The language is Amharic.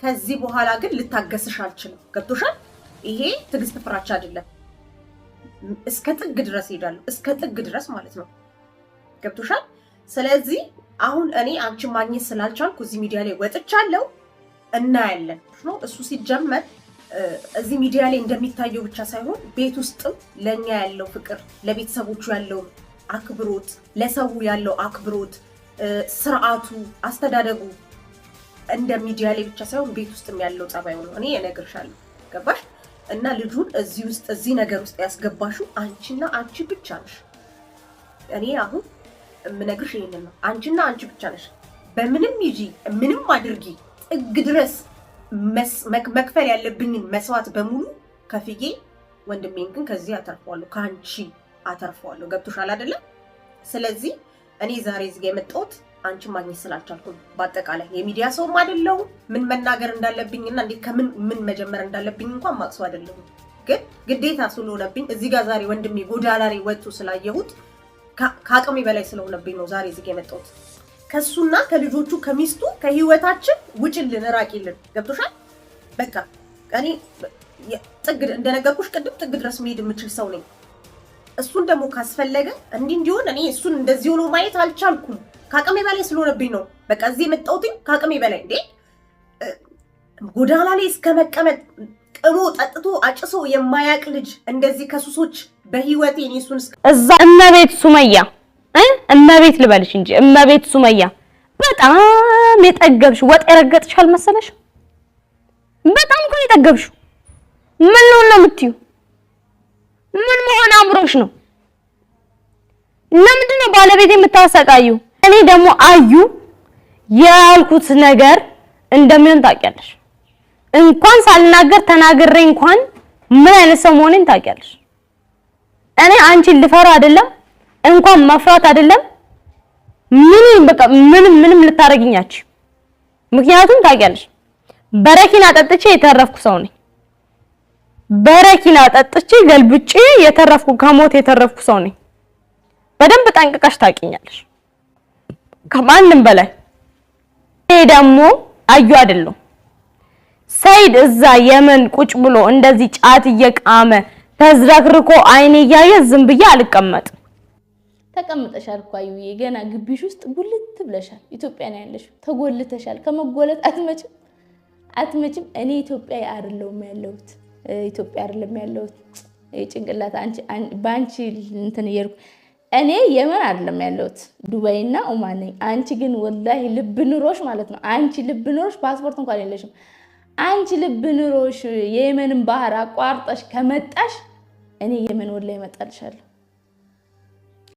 ከዚህ በኋላ ግን ልታገስሽ አልችልም። ገብቶሻል? ይሄ ትዕግስት ፍራቻ አይደለም። እስከ ጥግ ድረስ ሄዳለሁ፣ እስከ ጥግ ድረስ ማለት ነው። ገብቶሻል? ስለዚህ አሁን እኔ አንቺን ማግኘት ስላልቻልኩ እዚህ ሚዲያ ላይ ወጥቻለሁ። እናያለን ነው እሱ ሲጀመር እዚህ ሚዲያ ላይ እንደሚታየው ብቻ ሳይሆን ቤት ውስጥም ለእኛ ያለው ፍቅር፣ ለቤተሰቦቹ ያለው አክብሮት፣ ለሰው ያለው አክብሮት፣ ስርዓቱ፣ አስተዳደጉ እንደ ሚዲያ ላይ ብቻ ሳይሆን ቤት ውስጥም ያለው ጸባይ ነው። እኔ እነግርሻለሁ፣ ገባሽ? እና ልጁን እዚህ ውስጥ እዚህ ነገር ውስጥ ያስገባሹ አንቺና አንቺ ብቻ ነሽ። እኔ አሁን የምነግርሽ ይህንን ነው። አንቺና አንቺ ብቻ ነሽ። በምንም ይጂ ምንም አድርጊ ጥግ ድረስ መክፈል ያለብኝን መስዋዕት በሙሉ ከፍዬ ወንድሜን ግን ከዚህ አተርፈዋለሁ፣ ከአንቺ አተርፈዋለሁ። ገብቶሻል አይደለም? ስለዚህ እኔ ዛሬ እዚህ ጋ የመጣሁት አንቺን ማግኘት ስላልቻልኩም በአጠቃላይ የሚዲያ ሰውም አይደለሁም። ምን መናገር እንዳለብኝና እንዴት ከምን ምን መጀመር እንዳለብኝ እንኳን ማቅሱ አይደለሁም። ግን ግዴታ ስለሆነብኝ እዚህ ጋር ዛሬ ወንድሜ ጎዳላሪ ላይ ወጥቶ ስላየሁት ከአቅሜ በላይ ስለሆነብኝ ነው ዛሬ እዚህ የመጣሁት። ከሱና ከልጆቹ ከሚስቱ ከህይወታችን ውጭልን፣ ራቂልን። ገብቶሻል? በቃ እኔ ጥግ እንደነገርኩሽ ቅድም ጥግ ድረስ መሄድ የምችል ሰው ነኝ። እሱን ደግሞ ካስፈለገ እንዲህ እንዲሆን እኔ እሱን እንደዚህ ሆኖ ማየት አልቻልኩም። ከአቅሜ በላይ ስለሆነብኝ ነው። በቃ እዚህ የመጣሁትኝ ከአቅሜ በላይ እንዴ ጎዳና ላይ እስከ መቀመጥ ጥሩ ጠጥቶ አጭሶ የማያቅ ልጅ እንደዚህ ከሱሶች በህይወት የኔሱን እዛ እመቤት ሱመያ እመቤት ልበልሽ እንጂ እመቤት ሱመያ በጣም የጠገብሽ ወጥ የረገጥሽ አልመሰለሽ? በጣም እኮ የጠገብሽ። ምን ነው ነው የምትዩ? ምን መሆን አምሮሽ ነው? ለምንድን ነው ባለቤት የምታሰቃዩ? እኔ ደግሞ አዩ ያልኩት ነገር እንደምንም ታውቂያለሽ። እንኳን ሳልናገር ተናግሬ እንኳን ምን አይነት ሰው መሆኔን ታውቂያለሽ። እኔ አንቺን ልፈራ አይደለም እንኳን መፍራት አይደለም ምንም በቃ ምንም ምንም ልታረግኛችሁ። ምክንያቱም ታውቂያለሽ በረኪና ጠጥቼ የተረፍኩ ሰው ነኝ። በረኪና ጠጥቼ ገልብጬ የተረፍኩ ከሞት የተረፍኩ ሰው ነኝ። በደንብ ጠንቅቀሽ ታውቂኛለሽ። ከማንም በላይ እኔ ደግሞ አዩ አይደለም። ሰይድ እዛ የመን ቁጭ ብሎ እንደዚህ ጫት እየቃመ ተዝረክርኮ አይኔ እያየ ዝም ብዬ አልቀመጥ። ተቀምጠሻል እኮ አዩዬ፣ ገና ግቢሽ ውስጥ ጉልት ብለሻል። ኢትዮጵያ ነው ያለሽ፣ ተጎልተሻል። ከመጎለት አትመጭም፣ አትመጭም። እኔ ኢትዮጵያ አይደለሁም ያለሁት፣ ኢትዮጵያ አይደለም ያለሁት። ጭንቅላት በአንቺ እንትን እየሄድኩ እኔ የመን አይደለም ያለሁት ዱባይና ኦማን ነኝ። አንቺ ግን ወላሂ ልብ ኑሮሽ ማለት ነው። አንቺ ልብ ኑሮሽ ፓስፖርት እንኳን የለሽም። አንቺ ልብ ኑሮሽ የየመንን ባህር አቋርጠሽ ከመጣሽ እኔ የመን ወላሂ እመጣልሻለሁ።